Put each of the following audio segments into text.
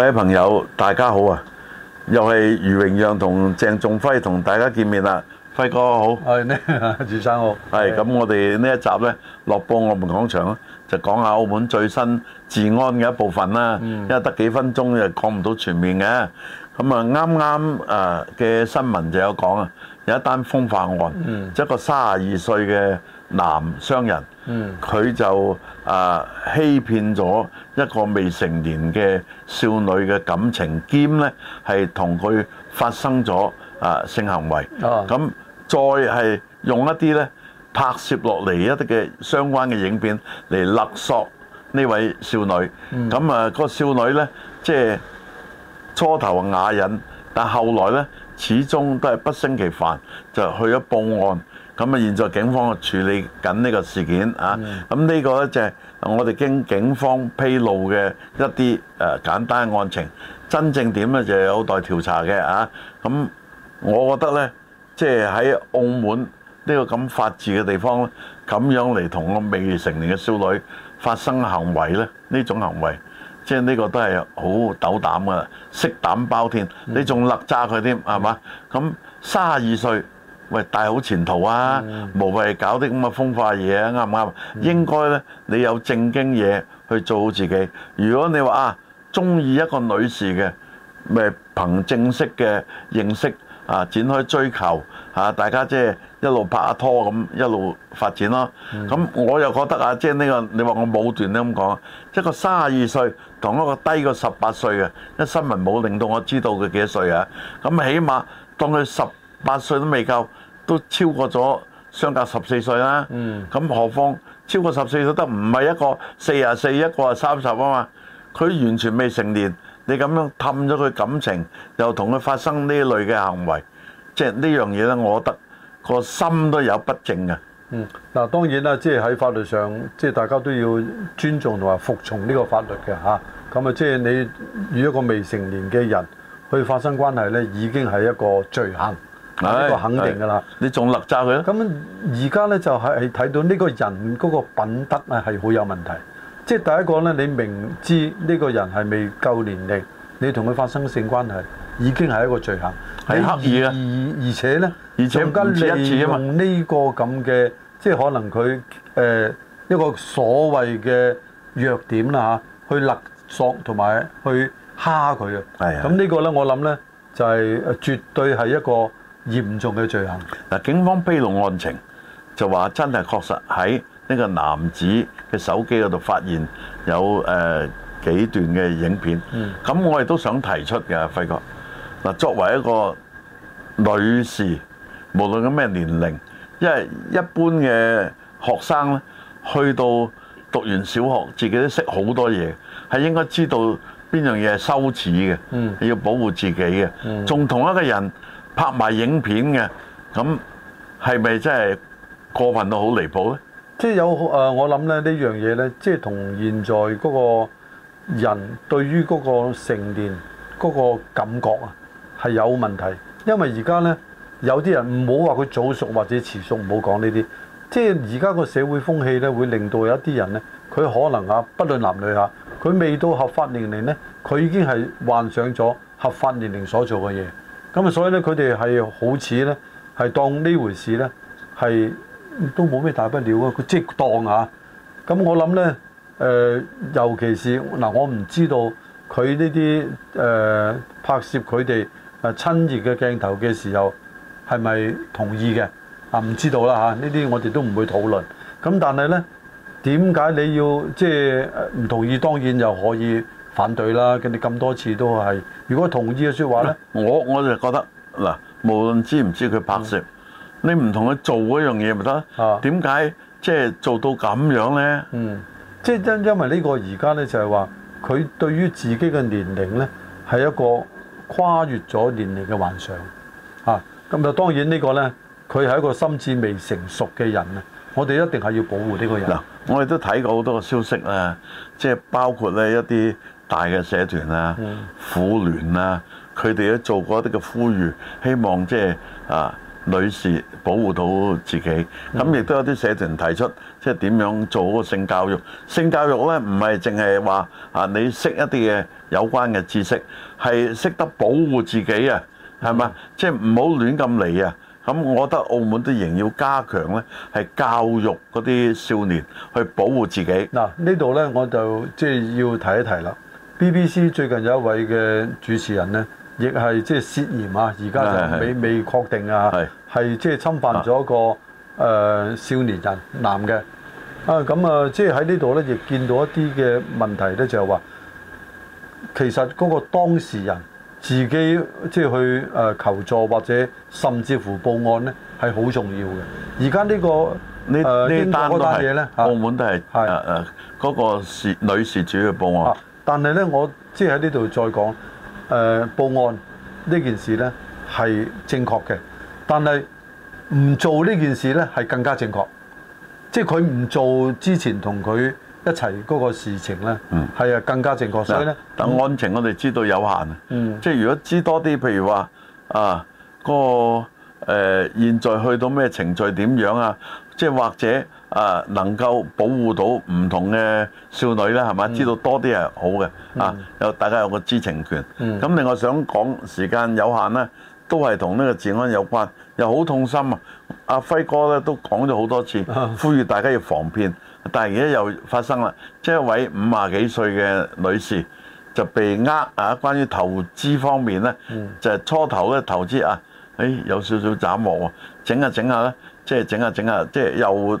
各位朋友，大家好啊！又係余榮讓同鄭仲輝同大家見面啦。輝哥好，係呢，余生好。係咁是，嗯、我哋呢一集呢，樂報澳門廣場咯，就講下澳門最新治安嘅一部分啦。因為得幾分鐘就講唔到全面嘅，咁啊啱啱啊嘅新聞就有講啊，有一單風化案，嗯、一個三十二歲嘅。男商人，佢就啊欺騙咗一個未成年嘅少女嘅感情，兼咧係同佢發生咗啊性行為。咁、啊、再係用一啲咧拍攝落嚟一啲嘅相關嘅影片嚟勒索呢位少女。咁啊、嗯，那個少女咧即係初頭啞忍，但係後來咧始終都係不勝其煩，就去咗報案。咁啊！現在警方啊處理緊呢個事件啊，咁呢、嗯、個呢就係我哋經警方披露嘅一啲誒簡單案情，真正點呢就是、有待調查嘅啊。咁我覺得呢，即係喺澳門呢個咁法治嘅地方咁樣嚟同個未成年嘅少女發生行為呢，呢種行為即係呢個都係好斗膽噶，色膽包天，你仲勒詐佢添，係嘛？咁三十二歲。喂，大好前途啊！嗯、無謂搞啲咁嘅風化嘢啊，啱唔啱？嗯、應該呢，你有正經嘢去做好自己。如果你話啊，中意一個女士嘅，咪、啊、憑正式嘅認識啊，展開追求啊，大家即係一路拍下拖咁，一路發展咯。咁、嗯、我又覺得啊，即係呢個你話我武斷咧咁講，一個三十二歲同一個低過十八歲嘅，一新聞冇令到我知道佢幾多歲啊。咁起碼當佢十八歲都未夠。都超過咗相隔十四歲啦，嗯，咁何況超過十四歲得唔係一個四十四一個係三十啊嘛？佢完全未成年，你咁樣氹咗佢感情，又同佢發生呢類嘅行為，即係呢樣嘢咧，我覺得個心都有不正嘅。嗯，嗱當然啦，即係喺法律上，即係大家都要尊重同埋服從呢個法律嘅嚇。咁啊，即係你與一個未成年嘅人去發生關係咧，已經係一個罪行。呢個肯定㗎喇，你仲勒詐佢咧？咁而家咧就係睇到呢個人嗰個品德啊，係好有問題。即係第一個咧，你明知呢個人係未夠年齡，你同佢發生性關係已經係一個罪行，係刻意啊，而而且咧，而且更加利用呢個咁嘅，即係可能佢誒一個所謂嘅弱點啦吓，去勒索同埋去蝦佢啊。係啊，咁呢個咧，我諗咧就係絕對係一個。嚴重嘅罪行嗱，警方披露案情就話真係確實喺呢個男子嘅手機嗰度發現有誒、呃、幾段嘅影片。咁、嗯、我哋都想提出嘅輝哥，作為一個女士，無論咁咩年齡，因為一般嘅學生咧，去到讀完小學，自己都識好多嘢，係應該知道邊樣嘢係羞恥嘅，嗯、要保護自己嘅，仲、嗯嗯、同一個人。拍埋影片嘅咁係咪真係過分到好離譜咧？即係有誒、呃，我諗咧呢樣嘢呢，即係同現在嗰個人對於嗰個成年嗰、嗰個感覺啊係有問題，因為而家呢，有啲人唔好話佢早熟或者遲熟，唔好講呢啲。即係而家個社會風氣呢，會令到有一啲人呢，佢可能啊不論男女啊，佢未到合法年齡呢，佢已經係幻想咗合法年齡所做嘅嘢。咁啊，所以咧，佢哋係好似咧，係當呢回事咧，係都冇咩大不了啊。佢即當啊。咁、嗯、我諗咧，誒、呃，尤其是嗱、呃，我唔知道佢呢啲誒拍攝佢哋親熱嘅鏡頭嘅時候係咪同意嘅、呃、啊？唔知道啦嚇，呢啲我哋都唔會討論。咁、嗯、但係咧，點解你要即係唔同意？當然又可以。反對啦！跟你咁多次都係，如果同意嘅説話咧，我我就覺得嗱，無論知唔知佢拍攝，的你唔同佢做嗰樣嘢咪得？點解即係做到咁樣咧？嗯，即係因因為呢個而家咧就係話，佢對於自己嘅年齡咧係一個跨越咗年齡嘅幻想啊！咁啊，當然個呢個咧，佢係一個心智未成熟嘅人咧，我哋一定係要保護呢個人嗱。我哋都睇過好多個消息啦，即係包括咧一啲，大嘅社團啦、啊、婦、嗯、聯啦、啊，佢哋都做過一啲嘅呼籲，希望即係啊女士保護到自己。咁亦、嗯、都有啲社團提出，即係點樣做嗰個性教育？性教育咧唔係淨係話啊，你識一啲嘅有關嘅知識，係識得保護自己啊，係嘛、嗯？即係唔好亂咁嚟啊。咁我覺得澳門都仍要加強咧，係教育嗰啲少年去保護自己。嗱、嗯、呢度咧我就即係、就是、要提一提啦。B B C 最近有一位嘅主持人咧，亦係即係涉嫌啊，而家就是是是未未確定啊，係即係侵犯咗個誒、啊呃、少年人男嘅啊。咁啊，即係喺呢度咧，亦見到一啲嘅問題咧，就係話，其實嗰個當事人自己即係去誒求助或者甚至乎報案咧係好重要嘅。而家呢個呢呢單嘢咧澳門都係，係誒嗰個事女事主去報案。是但係咧，我即喺呢度再講，誒、呃、報案呢件事咧係正確嘅，但係唔做呢件事咧係更加正確，即係佢唔做之前同佢一齊嗰個事情咧，係啊、嗯、更加正確。所以咧，等案情我哋知道有限，嗯、即係如果知多啲，譬如話啊嗰個誒、呃、現在去到咩程序點樣啊，即係或者。啊，能夠保護到唔同嘅少女咧，係咪知道多啲係好嘅，啊，有大家有個知情權。咁另外想講時間有限呢，都係同呢個治安有關，又好痛心啊！阿輝哥咧都講咗好多次，呼籲大家要防騙，但係而家又發生啦，即係一位五十幾歲嘅女士就被呃啊，關於投資方面呢，就係初頭咧投資啊，誒有少少斬獲啊，整下整下呢，即係整下整下，即係又。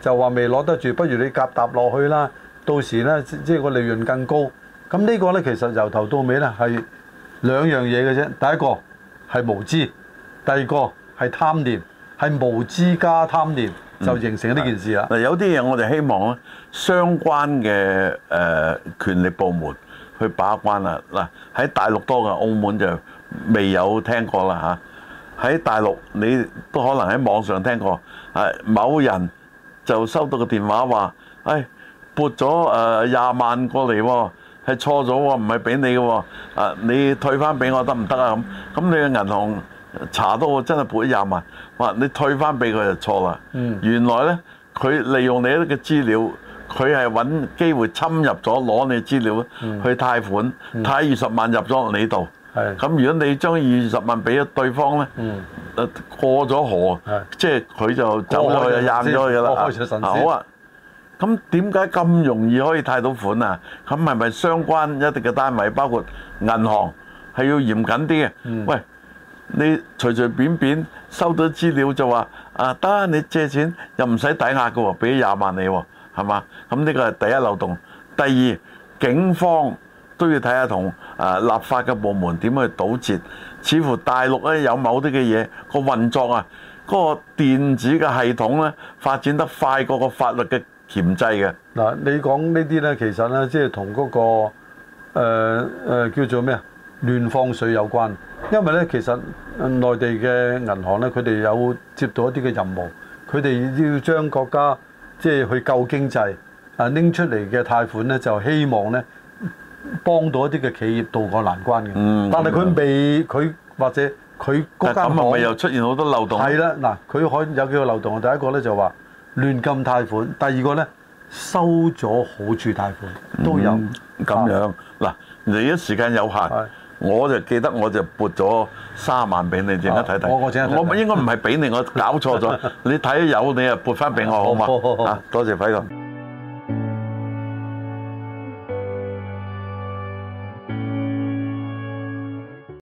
就話未攞得住，不如你夾搭落去啦！到時呢，即係個利潤更高。咁呢個呢，其實由頭到尾呢，係兩樣嘢嘅啫。第一個係無知，第二個係貪念，係無知加貪念就形成呢件事啦。嗱、嗯，有啲嘢我哋希望相關嘅誒、呃、權力部門去把關啦。嗱、啊，喺大陸多嘅，澳門就未有聽過啦嚇。喺、啊、大陸你都可能喺網上聽過，誒、啊、某人。就收到個電話話，誒，撥咗誒廿萬過嚟喎，係錯咗喎，唔係俾你嘅喎，啊，你退翻俾我得唔得啊？咁，咁你嘅銀行查到我真係撥咗廿萬，話你退翻俾佢就錯啦。原來呢，佢利用你嘅資料，佢係揾機會侵入咗攞你資料去貸款，貸二十萬入咗你度。咁如果你將二十萬俾咗對方呢？嗯過咗河，的即係佢就走咗去，硬咗佢啦。好啊，咁點解咁容易可以貸到款啊？咁係咪相關一定嘅單位，包括銀行係要嚴謹啲嘅？嗯、喂，你隨隨便便，便收到資料就話啊得，啊，你借錢又唔使抵押嘅，俾廿萬你係嘛？咁呢個係第一漏洞，第二警方都要睇下同啊立法嘅部門點去堵截。似乎大陸咧有某啲嘅嘢個運作啊，嗰、那個電子嘅系統咧發展得快過個法律嘅鉗制嘅。嗱，你講呢啲呢，其實呢，即係同嗰個誒、呃呃、叫做咩啊亂放水有關，因為呢，其實內地嘅銀行呢，佢哋有接到一啲嘅任務，佢哋要將國家即係、就是、去救經濟啊拎出嚟嘅貸款呢，就希望呢。幫到一啲嘅企業渡過難關嘅，但係佢未佢或者佢嗰間，咁咪又出現好多漏洞？係啦，嗱，佢可有幾個漏洞。第一個咧就話亂禁貸款，第二個咧收咗好處貸款都有咁樣。嗱，你一時間有限，我就記得我就撥咗三萬俾你，陣間睇睇。我我陣間睇睇。我應該唔係俾你，我搞錯咗。你睇有你啊，撥翻俾我好嘛？啊，多謝輝哥。